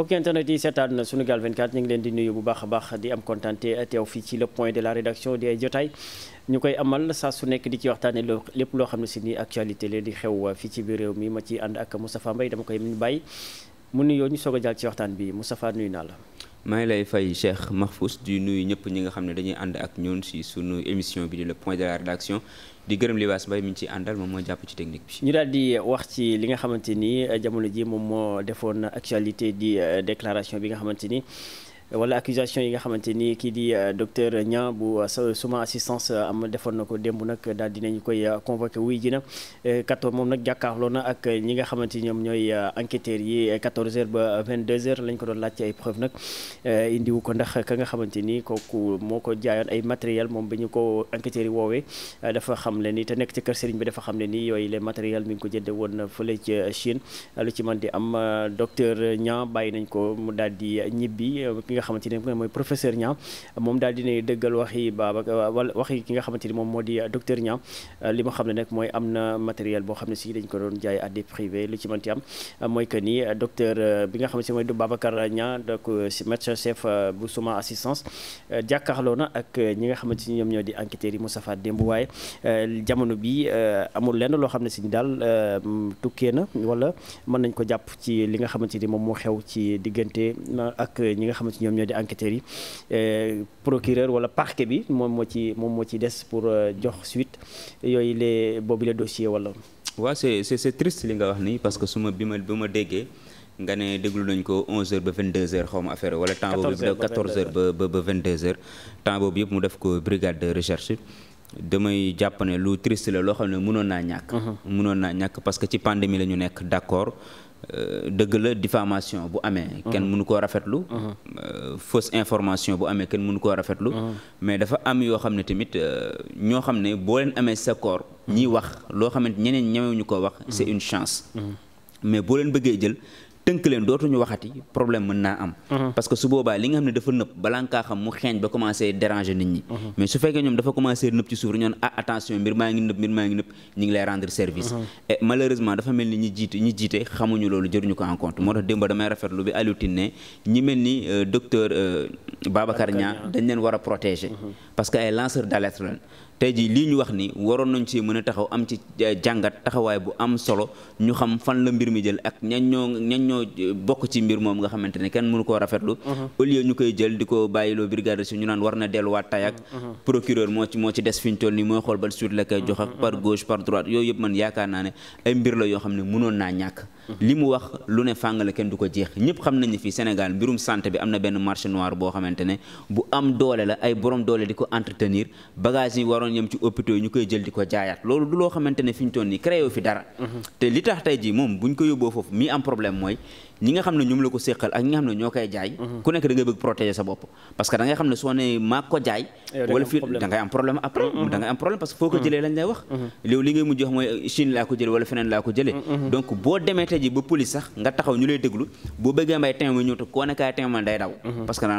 mbokk internet yi seetaan Sunugal 24 ñu ngi leen di nuyu bu baax a baax di am kontaan teew fii ci le point de la rédaction di ay jotaay ñu koy amal saa su nekk di ci waxtaanee lépp loo xam ne si ni actualité leen di xew fii ci biir réew mi ma ci ànd ak Moustapha Mbaye dama koy bàyyi mu nuyoo ñu soog a jàll ci waxtaan bi Moustapha nuyu naa la. maa ngi lay fay Cheikh Mahfous di nuyu ñëpp ñi nga xam ne dañuy ànd ak ñun si sunu émission bi di le point de la rédaction di gërëm Libaas Mbaye mi ngi ciy àndal moom moo jàpp ci technique bi. ñu daal wax ci li nga xamante ni jamono ji moom moo defoon actualité di euh, déclaration bi nga xamante ni. wala accusation yi nga xamante nii kii di euh, docteur Niang bu euh, euh, suma assistance am defoon na ko démb nag daal dinañu koy convoqué wuy ji na 14 moom nag jàkkaarloo na ak ñi nga xamante ni ñoom ñooy enquêteurs yi 14 heures ba deux heures lañ ko doon laaj ci ay preuve nag indiwu ko ndax ka nga xamante ni kooku moo ko jaayoon ay matériel moom bi ñu ko enquêteurs yi woowee dafa xam le nii te nekk ci kër sëriñ bi dafa xam le nii yooyu les matériel mi ngi ko jënde woon fële ci Chine lu ci mën di am docteur Niang bàyyi nañ ko mu daal di ñibbi nga xamante ni mooy professeur Niang moom daal dinay dëggal waxi Babacar waxi ki nga xamante ni moom moo di docteur Niang li ma xam ne nag mooy am boo xam ne si dañ ko doon jaay à des privés lu ci mënti am mooy que ni docteur euh, bi nga xamante ne mooy Babacar euh, euh, na ak ñi nga xamante ni ñoom ñoo di enquêteurs yi Moustapha Demb waaye jamono bi amul lenn loo xam ne si daal tukkee na wala mën nañ ko jàpp ci li nga xamante ni moom moo xew ci diggante ak ñi nga xamante ni ñoom ñoo di enquêteurs yi euh, procureur wala parquet bi moom moo ci moom moo ci des pour euh, jox suite yooyu les boobu les dossiers wala. c'est c'est triste li nga wax nii parce que su ma bi ma bi ma déggee. nga ne déglu nañ ko 11h ba 22h xaw ma affaire wala temps boobu yëpp 14h ba ba 22h temps boobu yëpp mu def ko brigade de recherche damay jàpp ne lu triste la loo xam ne mënoon naa ñàkk. Mhm. mënoon naa ñàkk parce que ci pandémie la nekk d'accord. Euh, dëgg la diffamation bu amee. Uh-huh. kenn mënu koo rafetlu. Uh-huh. Euh, fausse information bu amee kenn mënu koo rafetlu. Uh-huh. mais dafa am yoo xam ne tamit euh, ñoo xam ne boo leen amee sa koor. wax loo xamante ñeneen ñemewuñu koo wax. c'est une chance. mais boo leen bëggee jël. tënk leen dootuñu waxati problème mën naa am mhm. parce su boobaa li nga xam ne dafa nëb balaa nga xam mu xeeñ ba commencé déranger nit ñi mhm. mais su fekkee ñoom dafa commencé nëb ci suuf ñoon ah attention mbir maa ngi nëb mbir ngi lay rendre service mhm. malheureusement dafa mel ni ñi jiite ñi jiite xamuñu loolu jëruñu ko en moo tax démb damay rafetlu bi Aliou ne ñi mel ni euh, docteur euh, Babacar Niang dañ leen war a protéger ay lanceur d'alerte tey jii lii ñu wax ni waroon nañ ci mën a taxaw am ci eh, jàngat taxawaay bu am solo ñu xam fan la mbir mi jël ak ñan ñoo ñan ñoo eh, bokk ci mbir moom nga xamante ne kenn mënu koo rafetlu mhm. au lieu ñu koy jël di ko bàyyiloo brigade si ñu naan war na delluwaat tay ak mhm. Mhm. procureur moo ci moo ci des fi ñu toll nii mooy xool ba suite la koy jox ak par gauche par droite yooyu yëpp man yaakaar naa ne ay mbir la yoo xam ne mënoon naa ñàkk li mu wax lu ne fàng la kenn du ko jeex ñëpp xam nañu fii Sénégal mbirum sant bi am na benn marché noir boo xamante ne bu am doole la ay borom doole di ko entretenir bagage yi waroon yem ci hôpitaux yi ñu koy jël di ko jaayaat loolu du loo xamante ne fi ñu toon nii créé fi dara mhm. te li tax tey ji moom bu buñ ko yóbboo foofu mi am problème mooy ñi nga xam ne ñoom la ko séqal ak ñi nga xam ne ñoo koy jaay mhm. ku nekk da bëgg protéger sa bopp parce que da xam ne soo ne maa ko jaay eh, wala fii da am problème après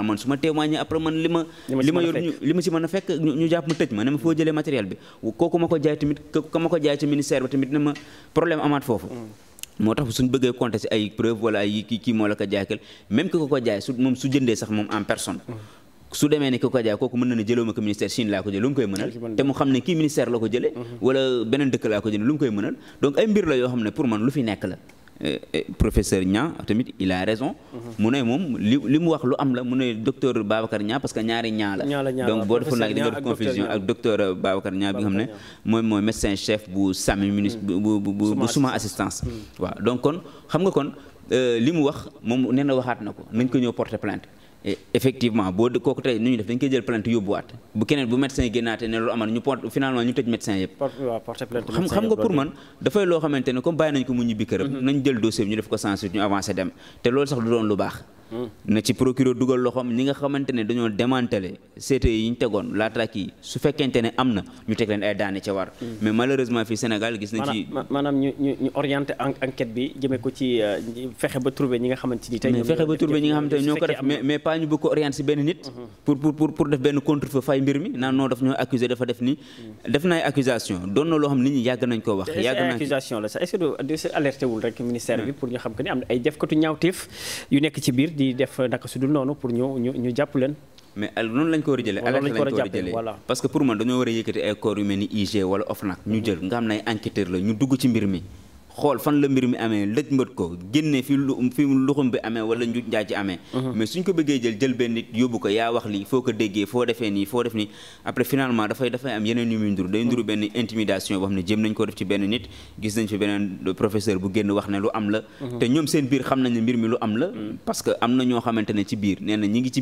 man su ma témoigné après man li ma li ma yor ma si fekk ñu jàpp ma tëj ma ne ma foo jëlee matériel bi kooku ma ko jaay tamit ka ma ko jaay ci ministère bi tamit ne ma problème amaat foofu mhm. moo tax suñ bëggee compter si ay preuve wala ay kii kii moo la ko jaaykel même ki ko ko jaay su moom su jëndee sax moom en personne mm-hmm. su demee ne ki ko jaay kooku mën na ne jëloo ko ministère Chine laa ko jël lu mu koy mënal te mu xam ne kii ministère la ko jëlee mm-hmm. wala beneen dëkk laa ko jëlee lu mu koy mënal donc ay mbir la yoo xam ne pour man lu fi nekk la Euh, professeur Niang tamit il a raison. Mhm. mu ne moom li li mu wax lu am la mu ne docteur Babacar Niang parce que ñaari Niang la. donc boo defoon nag di nga def confusion ak docteur Babacar Niang bi nga xam ne moom mooy médecin chef bu SAMI ministre mm. bu bu bu suma assistance. Mm. waa donc kon xam nga kon euh, li mu wax moom nee na waxaat na ko nañ ko ñëw porter plainte. effectivement boo kooku tey nu ñu def dañ koy jël plainte yóbbuwaat bu keneen bu médecin yi génnaate ne loolu aman ñu port finalement ñu tëj médecin yëpp xam nga pour man dafay loo xamante ne comme bàyyi nañ ko mu ñibbi këram mm-hmm. nañ jël dossier bi ñu def ko sans suite ñu avancé dem te loolu sax du doon lu baax na ci procureur dugal loxoom ñi nga xamante ne dañoo démantelé CTE yi ñu tegoon l'attraque yi su fekkente ne am na ñu teg leen ay daane ca war. Mm. mais malheureusement ñu ñu ñu orienté ko ci euh, fexe ba trouver ñi nga benn nit. Mm-hmm. pour pour def benn contre-feu fay mbir mi naan non daf ñoo accusé dafa def nii. Mm. def na accusation doon na loo xam nit ñi yàgg nañ ko wax. yàgg nañ accusation la sax est-ce que du alerté wul rek ministère bi mm. pour ñu xam que ni am na ay jëfkatu ñaawteef yu nekk ci biir di def naka su dul noonu pour ñu ñu ñu jàpp leen. mais noonu lañ ko war a jëlee alerte lañ ko war parce que pour man dañoo war a yëkkati ay corps yu mel ni IG wala OFNAC ñu jël nga xam ne la ñu dugg ci mbir mi xool fan la mbir mi amee lëj mbët ko génne fi luxum bi amee wala njuj njaa ci amee mhm. mais suñ ko bëggee jël jël benn nit yóbbu ko yaa wax li foo ko déggee foo defee nii foo def nii après finalement dafay dafay am yeneen yu muy nduru day nduru mhm. benn intimidation boo xam ne jéem nañ ko def ci benn nit gis nañ fi beneen professeur bu génn wax ne lu am la mhm. te ñoom seen biir xam nañ mbir mi lu am la parce am na ñoo xamante ne ci biir nee ñi ngi ci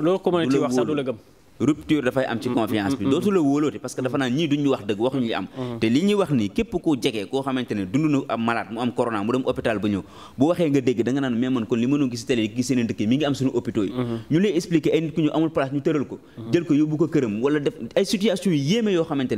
loo ko mën a sax du la gëm rupture dafay am ci mm. confiance bi mm-hmm. dootu la wóoloote parce dafa naan ñii duñ wax dëgg waxuñu li am mm-hmm. te li ñuy wax nii képp koo jege koo xamante ne dund na am malade mu am corona mu dem hôpital ba ñëw bu waxee nga dégg da naan mais kon li mëno gis télé yi seen dëkk yi mi ngi am suñu hôpitaux mm-hmm. ñu lay expliquer ay nit ku ñu amul place ñu tëral ko jël ko yóbbu ko këram wala def ay situation yéeme yoo xamante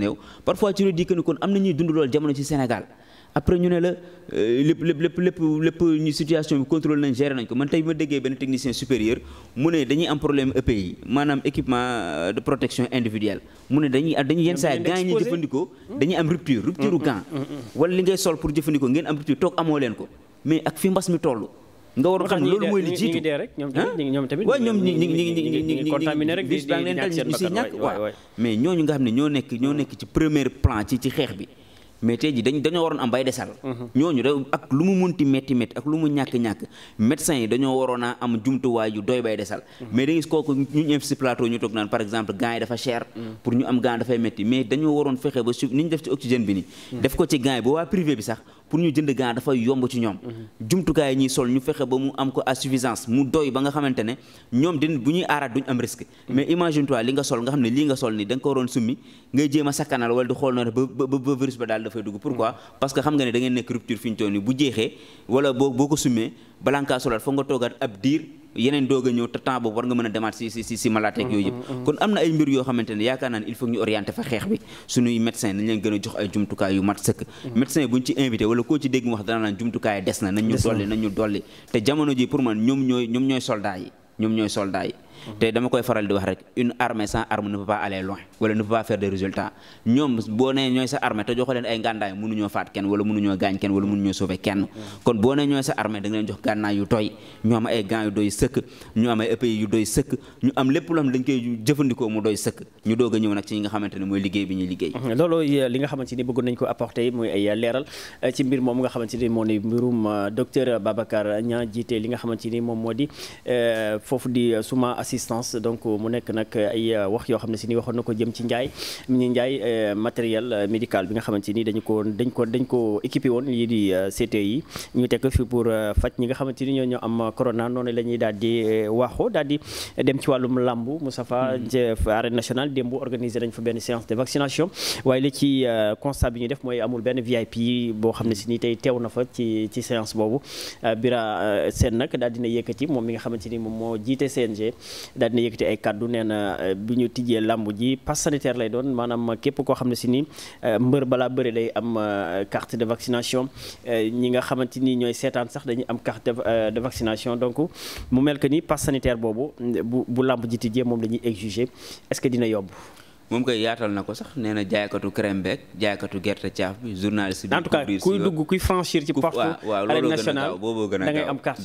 après ñu ne la lépp lépp lépp lépp lépp ñu situation bi contrôle nañ géré nañ ko man tey ma déggee benn technicien supérieur mu ne dañuy am problème EPI maanaam équipement de protection individuelle mu ne dañuy dañuy yenn saa gants yi ñuy jëfandikoo dañuy am rupture rupture u gant wala li ngay sol pour jëfandikoo ngeen am rupture toog amoo leen ko mais ak fi mbas mi toll nga waroon xam loolu mooy li jiitu ñoom ñoom ñi ñi ñi ñi ñi ñi ñi contaminé rek bis ñu nga xam ne ñoo nekk ñoo nekk ci premier plan ci ci bi mais ji dañoo waroon am bay desal ñooñu da ak lu mu munti métti métti ak lu mu ñàkk-ñàkk médecins yi dañoo waroon a am jumtuwaay yu doy bay desal mais da ngis kooku ñu investi plateau ñu toog naan par exemple gants yi dafa cher pour ñu am gants dafay métti mais dañoo waroon fexe ba su ni ñu def ci oxygène bi ni def ko ci gants yi ba waa privé bi sax pour ñu jënd gant dafa yomb ci ñoom jumtukaay yi sol ñu fexe ba mu am ko à mu doy ba nga xamante ne ñoom din bu ñuy aaraat duñ am risque mais imagine toi li nga sol nga xam ne lii nga sol ni da ko waroon summi ngay jéem a sakkanal di xool noo def ba ba virus ba daal dafay dugg pourquoi parce que xam nga ne da nekk rupture fi ñu toll nii bu jeexee wala boo boo ko summee balaa nga kaa solaat foog nga toogaat ab diir yeneen doog a ñëw te temps boobu war nga mën a demaat si si si si malaateeg yooyu yëpp mm-hmm, mm-hmm. kon am na ay mbir yoo xamante ne yaakaar naa ne il faut ñu orienté fa xeex bi suñuy médecin nañ leen a jox ay jumtukaay yu mat sëkk mm-hmm. médecin buñ ci invité wala koo ci dégg mu wax dana naan jumtukaay des na nañ ñu dolli nañ ñu dolli te jamono ji pour man ñoom ñooy ñoom ñooy soldat yi ñoom ñooy soldat yi te dama koy faral di wax rek une armée sans arme ne peut pas aller loin wala ne peut pas faire des résultats ñoom boo nee ñooy sa armée te joxo leen ay ngàndaay mënuñoo faat kenn wala mënuñoo gaañ kenn wala mënuñoo sauver kenn kon boo nee ñooy sa armée da nga leen jox gànnaay yu tooy ñu am ay gants yu doy sëkk ñu am ay épée yu doy sëkk ñu am lépp loo xam dañ koy jëfandikoo mu doy sëkk ñu doog a ñëw nag ci nga xamante mooy liggéey bi ñuy liggéey mm-hmm. loolu euh, li nga xamante ni bëggoon nañ ko apporter euh, euh, ni moom moo di foofu assistance donc euh, mu nekk nag euh, ay euh, wax yoo xam ne si ni waxoon na ko jëm ci njaay ñu njaay matériel médical bi nga xamante ni dañu ko dañ ko dañ ko équipé woon lii di CTI ñu tekk fi pour faj ñi nga xamante ni ñoo ñoo am corona noonu la ñuy daal di waaxoo daal di dem ci wàllum làmb Moustapha mm-hmm. arène nationale démb organisé nañ fa benn séance de vaccination waaye li ci constat bi ñu def mooy amul benn VIP boo xam ne si ni tey teew na fa ci ci séance boobu Bira Sène nag daal dina yëkkati moom mi nga xamante ni moom moo jiite daal dina yëkkati ay kaddu nee na euh, bu ñu tijjee làmb ji pass sanitaire lay doon maanaam képp koo xam ne si ni euh, mbër balaa bëri lay am euh, carte de vaccination ñi nga xamante nii ñooy seetaan sax dañuy am carte de vaccination donc mu mel que ni pass sanitaire boobu bu bu làmb ji tijjee moom la ñuy exiger est-ce que dina yomb. moom koy yaatal na ko sax nee na jaaykatu crème beeg jaaykatu gerte caaf bi journaliste bi. en tout cas kuy dugg kuy franchir ci porte. waaw a gaaw boobu gën a gaaw da ngay am carte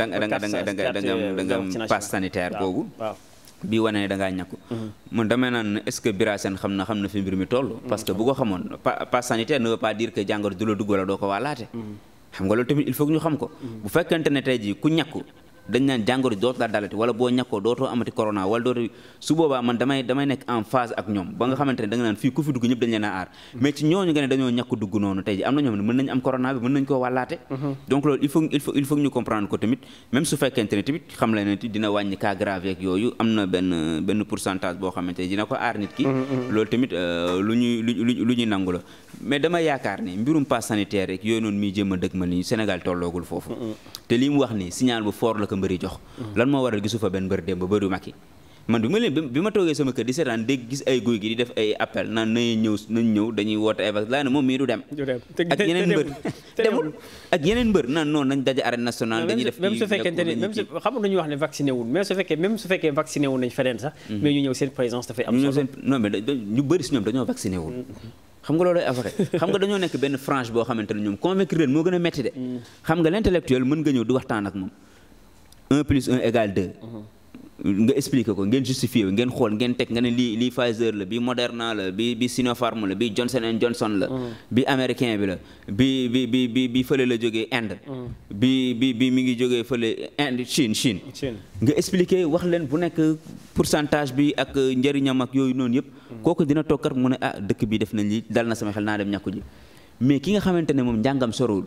da nga da nga bi wane ne da ngaa ñàkku man damay naan est que Bira xam na xam na fi mbir mi toll parce que bu ko xamoon pass sanitaire ne veut pas dire que jàngoro du la dugg wala doo ko waalaate mm-hmm. xam nga loolu tamit il faut ñu xam ko mm-hmm. bu fekkente ne tey ji ku ñàkku dañ naan jàngoro dootu la dalati wala boo ñàkkoo dootoo amati corona wala dootu su boobaa man damay nekk en phase ak ñoom ba nga xamante ne da nga naan fii ku fi dugg ñëpp dañ leen a aar mais mhm. su fekkente ne tamit xam la ne dina wàññi cas grave yeeg yooyu am na benn benn mhm, mhm. Euh, sanitaire rek yooyu noonu miy jëm a dëkk ma ni Sénégal tolloogul foofu te li mu wax ni signal bu fort la ko mbër yi jox lan moo waral gisu fa benn mbër démb bëru Macky man bi ma leen bi ma toogee sama di seetaan dégg gis ay guy gi di def ay appel naan nañu ñëw dañuy woote ay vacances wul mais su fekkee même wul nañ feneen sax mhm. mais ñu ñëw seen présence dafay am solo non si ñoom dañoo vacciné wul mhm. xam nga loolu affaire xam nga dañoo nekk benn frange boo xamante ne ñoom convaincre leen moo gën mhm. xam nga l'intellectuel mën nga ñëw di waxtaan ak un plus un égale deux mhm. nga expliqué ko ngeen justifié bi ngeen xool ngeen teg nga ne lii lii Pfizer la bi Moderna la bi bi Sinopharm la bi Johnson and Johnson la mhm. bi américain bi la bi bi bi bi bi fële la jógee Inde mhm. bi bi bi mi ngi jóge fële Inde Chine Chine nga expliqué wax leen bu nekk pourcentage bi ak njëriñam ak yooyu noonu yëpp kooku dina toog kat mu ne ah dëkk bi def nañ lii dal na sama xel naa dem ñàkku ji mais ki nga xamante ne moom njàngam sorowul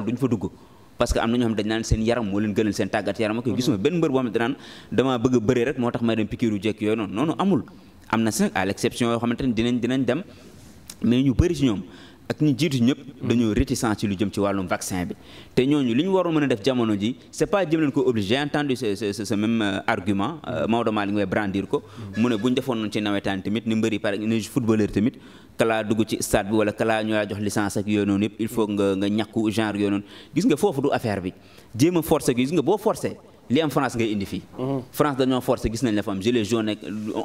dara duñ fa dugg parce que am na ñoo xam dañ naan seen yaram moo leen gënal seen tàggat yaram ak gisuma benn mbër boo xam ne danaan damaa bëgg bëree rek moo tax may dem piqûre jekk yooyu noonu noonu amul am na si nag à l'exception yoo xamante ne dinañ dinañ dem mais ñu bëri si ñoom ak ñi jiitu ñëpp dañoo réticent ci lu jëm ci wàllum vaccin bi te ñooñu li waroon mën a def jamono ji c'est pas jëm leen ko obligé j'ai entendu ce ce ce même euh, argument euh, Maodo Malick Mbaye brandir ko mu ne bu ñu defoon noonu ci nawetaan tamit ni mbëri par ni footballeur tamit kalaa dugg ci stade bi wala kalaa ñu laa jox licence ak yooyu noonu yëpp il faut nga nga ñàkku genre yooyu noonu gis nga foofu du affaire bi jéem a forcer gis nga boo forcer li am France ngay indi fii. Mhm. France dañoo forcé gis nañ la fa am gilets jaunes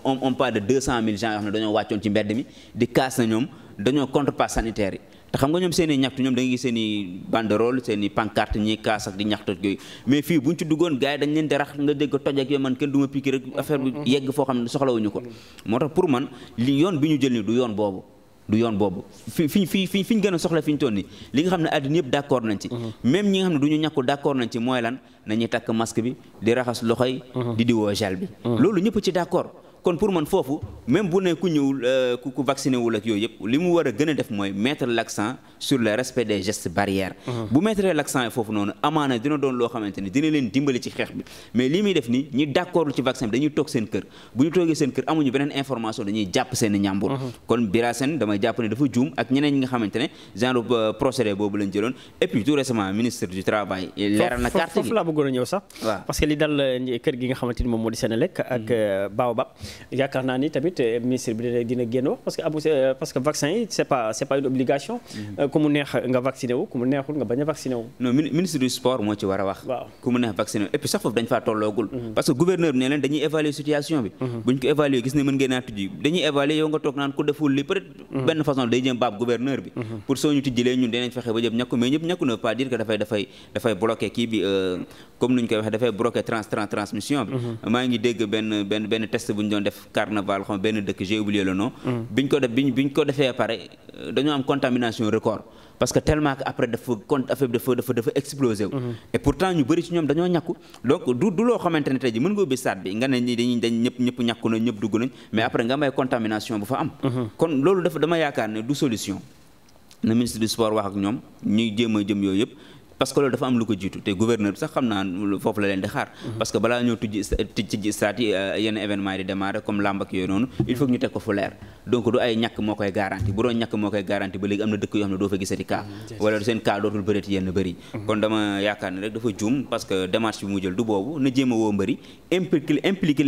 on on parle de 200000 gens yoo xam ne dañoo wàccoon ci mbedd mi di kaas na ñoom dañoo contrepasse sanitaire yi. te xam nga ñoom seen i ñaxtu ñoom da nga gis seen i banderole seen i pancarte ñi kaas ak di ñaxtu ak yooyu mais fii bu ñu ci duggoon gars yi dañ leen di rax nga dégg toj ak yooyu man kenn du ma piqué rek affaire bi mhm. yegg foo xam ne soxlawuñu ko. Mhm. moo tax pour man li yoon bi ñu jël nii du yoon boobu. du yoon boobu fi fi fi fi ñu gën a soxla fi ñu toll nii li nga xam ne àddina yëpp d'accord nañ ci. même ñi nga xam ne du ñu ñàkku d'accord nañ ci mooy lan nañuy takk masque bi di raxas loxo yi mhm. di diwoo gel bi mhm. loolu ñëpp ci d'accord kon pour man foofu même bu ne ku ñëwul euh, ku vacciné wul ak yooyu yëpp li mu war a gën a def mooy mettre l'accent sur le respect des gestes barrières mhm. bu mettre l'accent foofu noonu amaana dina doon loo xamante ni dina leen dimbali ci xeex bi mais li muy def ni ñi d'accord ci vaccin bi dañuy toog seen kër bu ñu toogee seen kër amuñu beneen information dañuy jàpp seen ñàmbur kon bira seen damay jàpp ne dafa juum ak ñeneen nga xamante ne genre euh, procédé lañ jëloon et puis tout récemment ministre du travail leeral na bëggoon a parce que li dal euh, kër gi nga xamante moom moo di Senelec ak hmm. euh, Baobab yaakaar naa ni tamit euh, ministre bi dina génn wax parce que vaccin yi c' pas une obligation. Hmm. ku mu neex nga vacciné wu ku mu neexul nga bañ a vacciné wu. non ministre du sport moo ci war a wax. ku mu neex vacciné wu et sax foofu dañ faa tolloogul. Hmm. parce que gouverneur bi ne leen dañuy évaluer situation bi. buñ ko évaluer gis ne mën ngeen a tijji dañuy évaluer yow nga toog comme ni ñu koy waxee dafay bloqué trans transmission bi. Mm-hmm. maa ngi dégg benn benn test bu ñu doon def carnaval xam benn dëkk j'ai oublié le nom. Mm-hmm. bi ñu ko def bi ñu ko defee pare dañoo am contamination record parce que tellement que après dafa dafa dafa dafa mm-hmm. pourtant ñu bëri ci ñoom dañoo ñàkku donc du loo xamante ne tey ji mën nga ubbi stade bi nga ne nii dañuy ñëpp ñëpp ñàkku na ñëpp dugg nañ mais après nga may contamination bu fa am. kon loolu dafa dama yaakaar ne du solution. na ministre du sport wax ak ñoom yooyu yëpp. parce que loolu dafa am lu ko jiitu te gouverneur bi sax xam naa foofu la leen di xaar mhm. parce que balaa ñoo tujji tijji stade yi euh, yenn événement yi di démarrer comme làmb ak yooyu noonu il faut ñu teg ko fu leer donc du ay ñàkk moo koy garanti bu doon ñàkk moo koy garanti ba léegi am na dëkk yoo xam ne doo fa gisati cas mm, wala seen cas dootul bëreeti yenn bëri mm-hmm. kon dama yaakaar ne rek dafa juum parce que démarche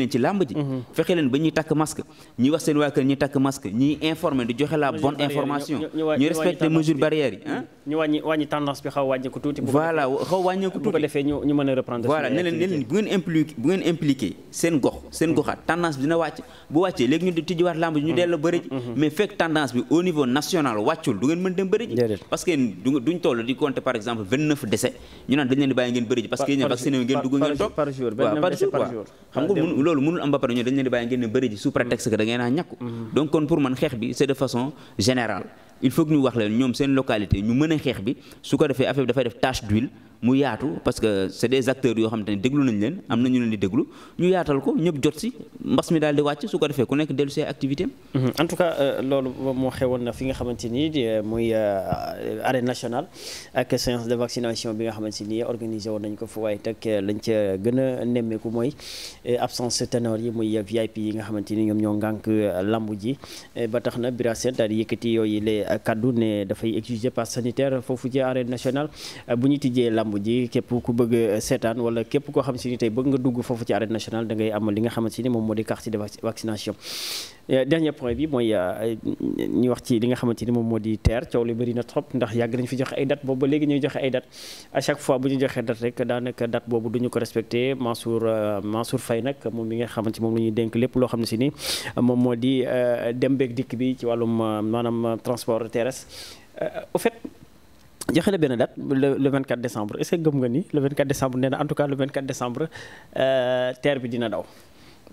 ci làmb ji mm-hmm. fexe leen ba ñuy takk masque ñuy wax seen waa kër takk masque ñuy informer di joxe la bonne information voilà xaw wàññeeku bu ngeen impliqué seen gox seen goxaat tendance bi dina wàcc bu wàccee léegi ñu tijjiwaat làmb ji ñu mm. dellu bëri mhm. mais fekk tendance bi au niveau national wàccul du ngeen mën dem bëri parce que duñ toll di compter par exemple vingt neuf décès ñu naan dañ leen di bàyyi ngeen bëri ji parce que ngeen dugg ngeen toog par par jour quoi xam nga mun loolu mënul am ba pare ñu dañ leen di bàyyi ngeen ne bëri ji sous mhm. donc kon pour man xeex bi c'est de façon générale il faut que wax leen ñoom seen localité ñu mën a xeex bi su ko defee affaire dafay def tache mu yaatu parce que c'est des acteurs yoo xamante ne déglu nañ leen am na ñu leen di déglu ñu yaatal ko ñëpp jot si mbas mi daal di wàcc su ko defee ku nekk dellu see activité mhm. en euh, loolu moo xewoon na fi nga xamante ni euh, muy euh, arène ak séance de vaccination bi nga xamante ni organisé woon nañ ko fa waaye tak lañ ca gën a nemmeeku mooy absence ténor yi ya VIP yi nga xamante ni ñoom ñoo ngànk lamb ji ba tax na Bira Sène daal di yëkkati yooyu les kaddu ne dafay làmb ji képp ku bëgg euh, seetaan wala képp koo xam si ni tey bëgg moom moo di carte de vaccination euh, dernier point bi mooy euh, ñu wax ci li nga xamante ni moom moo di TER coow li bëri na trop ndax yàgg nañu fi joxe ay date boobu léegi ñuy joxe ay date chaque fois bu ñu joxee date rek daanaka date boobu du ko respecté Mansour Mansour Faye nag moom mi nga xamante moom la ñuy lépp loo xam ne si ni moom moo di dem beeg dikk bi ci wàllum maanaam transport terrestre au joxe na benn date le 24 décembre est-ce que gëm nga ni le 24 décembre nee na en tout cas le 24 décembre euh, terre bi dina daw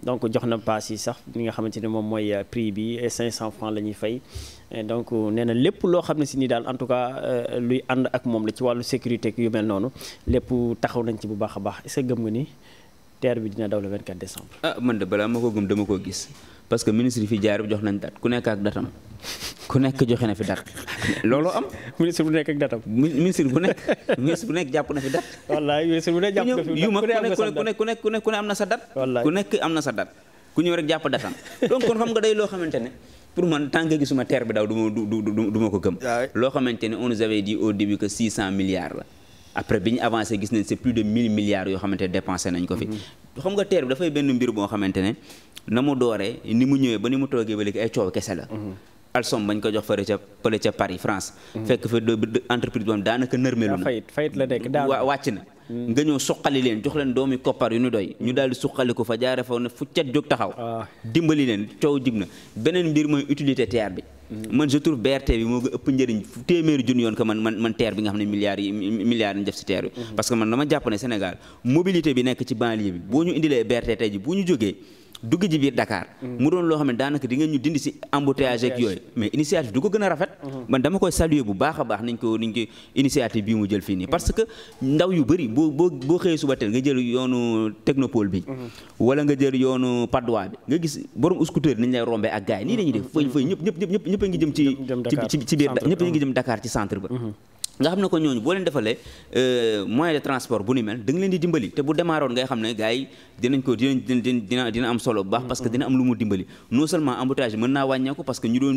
donc jox na paas yi sax li nga xamante ne moom mooy euh, prix bi 500 francs la ñuy fay donc nee na lépp loo xam ne si nii daal en tout cas euh, luy ànd ak moom la ci wàllu sécurité yu mel noonu lépp taxaw nañ ci bu baax a baax est-ce gëm nga ni. TER bi dina daw le 24 décembre. ah man de balaa ma ko gëm dama koo gis parce que ministre yi fi jaar jox nañ date ku nekk ak datam ku nekk joxe na fi date looloo am. ministre bu nekk ak datam. ministre nekk ministre nekk jàpp na fi date. wallaay nekk ku nekk ku nekk ku nekk ku nekk ku nekk ku ñëw jàpp datam donc kon xam nga day loo xamante ne. pour man tant gisuma TER bi daw du ma ko gëm. loo xamante ne on nous avait dit au début que 600 milliards la. après bi ñu avancé gis nañ c'est plus de 1000 milliards yoo xamante ne dépensé nañ ko fi. xam nga TER bi dafay benn mbir boo xamante ne na mu dooree ni mu ñëwee ba ni mu toogee ba léegi ay coow kese la. Mhm. alsom bañ ko jox fële ca Paris France. Mhm. fekk fa entreprise boobu daanaka nërmelu na. fayit fayit la nekk daal wàcc na. Mhm. nga ñëw suqali leen jox leen doomi koppar yu ñu doy. ñu daal di suqali ko fa jaaree fa ne fu cat jóg taxaw. Ah. dimbali leen coow jib na beneen mbir mooy utilité TER bi. man je trouve BRT bi moo ko ëpp njëriñ téeméeri junni yoon que man man man bi nga xam ne milliards yi milliards yi def si TER bi mm-hmm. parce que man dama jàpp ne Sénégal mobilité bi nekk ci banlieue bi boo ñu indilee BRT tey ji bu ñu jógee dugg ji biir dakaar mm. mu doon loo xam ne daanaka di ngeen ñu dindi si embouteillage ak yooyu. mais initiative du ko gën a rafet. Mm-hmm. man dama koy saluer bu baax a baax nañ ko niñ ko initiative bii mu jël fii nii parce que ndaw yu bëri boo boo boo xëyee suba teel nga jël yoonu technopole bi. Mm-hmm. wala nga jël yoonu Padois bi nga gis borom scooter nañ lay rombee ak gars yi nii la ñuy def. Mm-hmm. fooy fooy ñëpp ñëpp ñëpp ngi jëm ci. jëm ci biir ñëpp ngi jëm Dakar ci centre ba. nga xam ne ko ñooñu boo leen defalee euh, moyen de transport bu ni mel da leen di dimbali te bu démarroon ngay xam ne gars yi dinañ ko dinañ dina dina am solo bu baax parce que mm-hmm. dina am lu mu dimbali non seulement embouteillage mën naa wàññeeku parce que ñu doon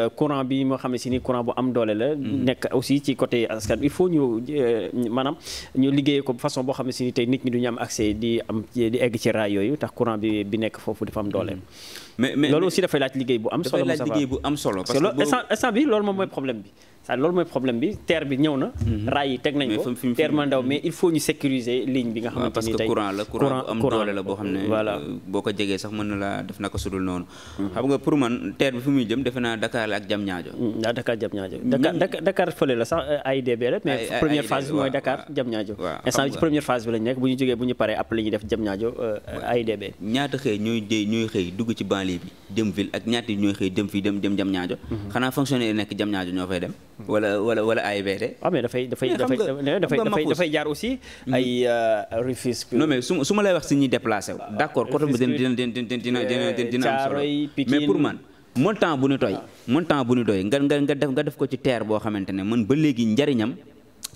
courant bi moo xam ne si ni courant bu am doole la. Mhm. nekk aussi ci côté askan il faut ñu euh, maanaam ñu liggéeyee ko façon boo xam ne si ni nit ñi du ñu am accès di am di egg ci raay yooyu tax courant bi bi nekk foofu dafa am doole. Mhm. mais mais loolu aussi dafay laaj liggéey bu am solo. dafay laaj liggéey bu am solo parce loolu moom mooy problème bi. ça loolu mooy problème bi terre bi ñëw na. Mhm. raay yi teg nañ ko terre ma ndaw mais il faut ñu sécuriser ligne bi nga. xamante ni tey courant la courant am doole la boo xam ne. voilà euh, boo ko jegee sax mën na laa def naka sudul noonu. Mhm. xam nga pour man terre bi fi muy jëm defe naa Dakar la ak Diamniadio. Mhm. ah Dakar Diamniadio. Dakar Dakar fële la sax euh, AIBD la. mais première phase bi mooy Dakar Diamniadio. waaw instant bi ci première phase bi lañ nekk bu ñu jógee bu ñu paree après la ñuy def Diamniadio euh, AIBD. ñaata xëy ñooy jëy ñuy xëy dugg ci banlieue bi dem ville ak ñaati ñooy xëy jëm fii dem dem Diamniadio. xanaa fonctionnaire yi nekk Diamniadio ñoo fay dem wala wala wala AIBD. waaw ah, mais dafay dafay dafay dafay dafay jaar aussi. Mm-hmm. ay euh, Rufisque. no mais su ma su ma lay wax si ñuy déplacé wu. Ah, d' accord côté bi dina dina dina dina dina am solo mais pour man. montant bu ñu toy ah. montant bu ñu doy nga nga nga def nga def ko ci terre boo xamante ne man ba léegi njariñam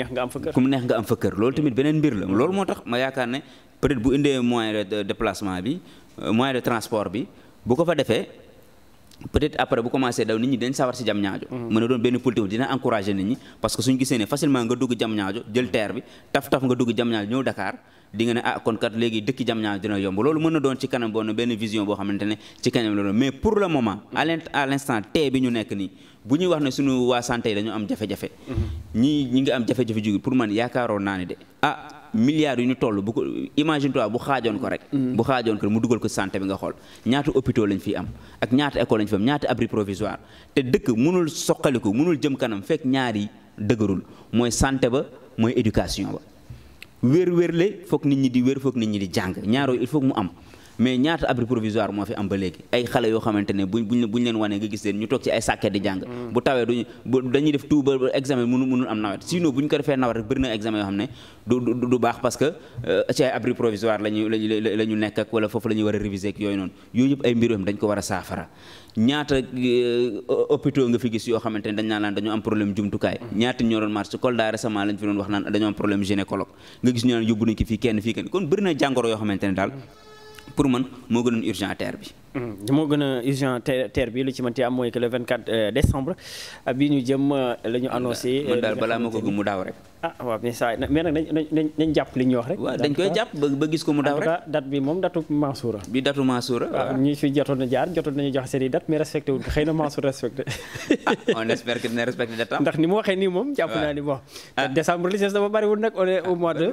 neex nga am fa kër. ku mu neex nga am fa kër loolu tamit beneen mbir la loolu moo tax ma yaakaar ne peut bu indee moyen de déplacement bi euh, moyen de transport bi bu ko fa defee. peut-être après bu commencé daw nit ñi dañ sawar si jam ñaajo mm-hmm. mën a doon benn politique dina encouragé nit ñi parce que suñ gisee ne facilement nga dugg jam ñaajo jël terre bi taf-taf nga dugg jam ñaajo ñëw Dakar di nga ah kon léegi dëkk jam ñaajo dina yomb loolu mën na doon ci kanam boon benn vision boo xamante ne ci kanam loolu mais pour le moment mm-hmm. à l'instant tey ñu nekk nii bu ñuy wax ne suñu waa santé yi dañu am jafe-jafe mm-hmm. ñi ñi milliards yu ñu toll bu ko imagine bu xaajoon ko rek mm-hmm. bu xaajoon ko rek mu dugal ko santé bi nga xool ñaata hôpitaux lañ fi am ak ñaata école lañ fi am ñaata abri provisoire te dëkk mënul ko mënul jëm kanam fekk ñaari dëgërul mooy santé ba mooy éducation ba wér wér le foog nit ñi di wér foog nit ñi di jàng ñaaroo il faut mu am mais ñaata abri provisoire moo fi am ba léegi ay xale yoo xamante ne buñ buñ buñ leen wanee nga gis leen mm. ko defee na examen yoo xam ne du ñu nekk wala foofu la ñuy war a réviser ak yooyu noonu yooyu yëpp ay mbir a saafara ñaata euh, hôpitaux nga xamante ne dañ naan laan dañoo am problème jumtukaay mm. ñaata ñoo doon marche Kolda récemment lañ fi doon wax naan dañoo am problème gynécologue nga gis yóbbu nañ ko fii kenn kon bëri jàngoro yoo xamante ne daal mm. pour man moo gënoon urgent terre bi. Mm-hmm. moo gën a urgent terre bi lu ci mënti am mooy que le 24 euh, décembre euh, bi ñu jëm euh, la ñu annoncé. man daal balaa ma ko gëm mu daaw rek. ah waaw mais saa mais nag nañ nañ nañ jàpp li ñuy wax rek. waaw dañ koy jàpp ba gis ko mu daaw rek. date bi moom datu Mansoura. bi datu Mansoura waaw. ñi fi jotoon a jaar jotoon nañu jox seen i date mais respecté wuñ ko xëy na Mansour respecté. Ah, on espère que dina respecté date am. ndax ni mu waxee nii moom. waaw jàpp naa ni bon. Ah. décembre li ci des dafa bariwul nag on est au mois de.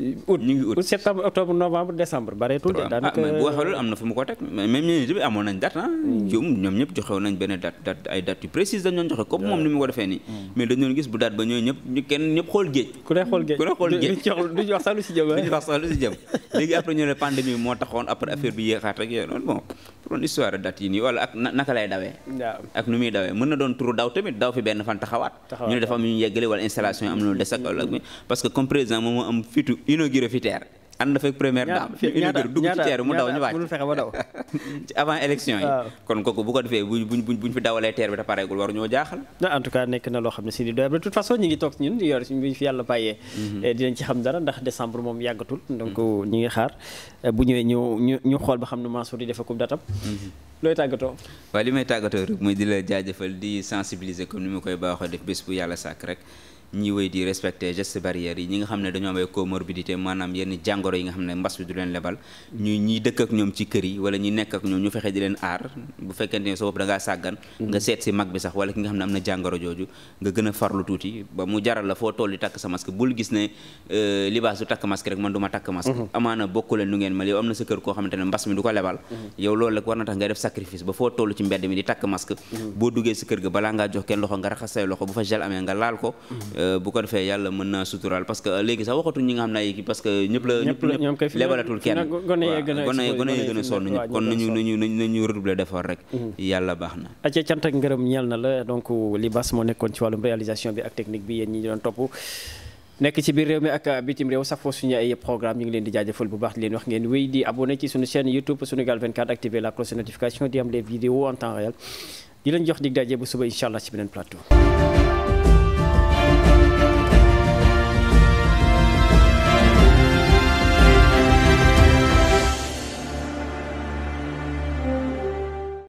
août ñu ngi août septembre octobre novembre décembre bareetul de daanaka ah, bu waxee loolu am na fu mu ko teg même ñeneen ñi amoon nañ date ah. hmm. ñoom ñëpp joxew nañ benn date date ay date yu précise dañ joxe comme moom ni mu ko defee nii hmm. mais dañ doon gis bu date ba ñooy ñëpp kenn ñëpp xool géej ku ne xool géej ku ne xool géej du ñu wax du ñu wax sax jëm léegi après ñu ne pandémie moo taxoon après affaire bi yéexaat rek yooyu noonu bon pour une histoire date yi nii wala ak naka lay dawee ak nu muy dawee mën na doon turu daw tamit daw fi benn fan taxawaat ñu ne dafa am ñu yeggale wala installation yi am na lu des ak mm-hmm. parce que comme président moom moo am fitu inauguré fi terre ànd fekk première dame ñu inauguré dugg ci teeru mu daw ñu wàcc avant élection yi kon kooku bu ko defee bu buñ buñ buñ fi dawalee teer bi te pareegul waru ñoo jaaxal en tout cas nekk na loo xam ne si di doy de toute façon ñi ngi toog ñun di yor suñ fi yàlla bàyyee mhm. eh, dinañ ci xam dara ndax décembre moom yàggatul mhm. donc ñi ngi xaar eh, bu ñëwee ñu ñu ñu xool ba xam ne Mansour di defa kum datam mhm. looy tàggatoo waaw li may tàggatoo rek mooy di la jaajëfal di sensibiliser comme ni mu koy baaxoo def bés yàlla sàkk rek ñi wey di respecte gestes barrières yi ñi nga xam ne dañoo am ay maanaam yenn jàngoro yi nga xam ne mbas bi du leen lebal ñu dëkk ak ñoom ci kër yi wala ñuy nekk ak ñoom ñu fexe di leen aar bu fekkente ne sa bopp da ngaa sàggan nga mm. seet si mag bi sax wala ki nga xam ne am na jàngoro jooju nga gën a farlu tuuti ba mu jaral la foo toll di takk sa masque bul gis ne euh, libaas du takk masque rek man du ma takk masque mm-hmm. amaana bokku leen nu ngeen mel yow am koo xamante ne mbas mi du ko lebal mm-hmm. yow ba foo toll ci mbedd mi di takk masque mm-hmm. boo duggee sa kër ga balaa ngaa jox kenn loxo nga raxas say loxo bu fa gel amee Euh, bu ko defee yàlla mën na suturaal parce que euh, léegi sax waxatuñ ñi nga xam ne ay parce que la ñëpp ñëpp lebalatul kenn gone yee gën a sonn ñëpp kon nañu nañu nañu redoubler d'effort rek mhm. yàlla baax na acca ak ngërëm ñeel na la donc li bas moo nekkoon ci wàllum réalisation bi ak technique bi yéen ñi doon topp nekk ci biir réew mi ak bitim réew sax foo suñu ay programme ñu ngi leen di jaajëfal bu baax di leen wax ngeen wéy di abonné ci suñu chaîne YouTube Sunugal 24 activer la cloche de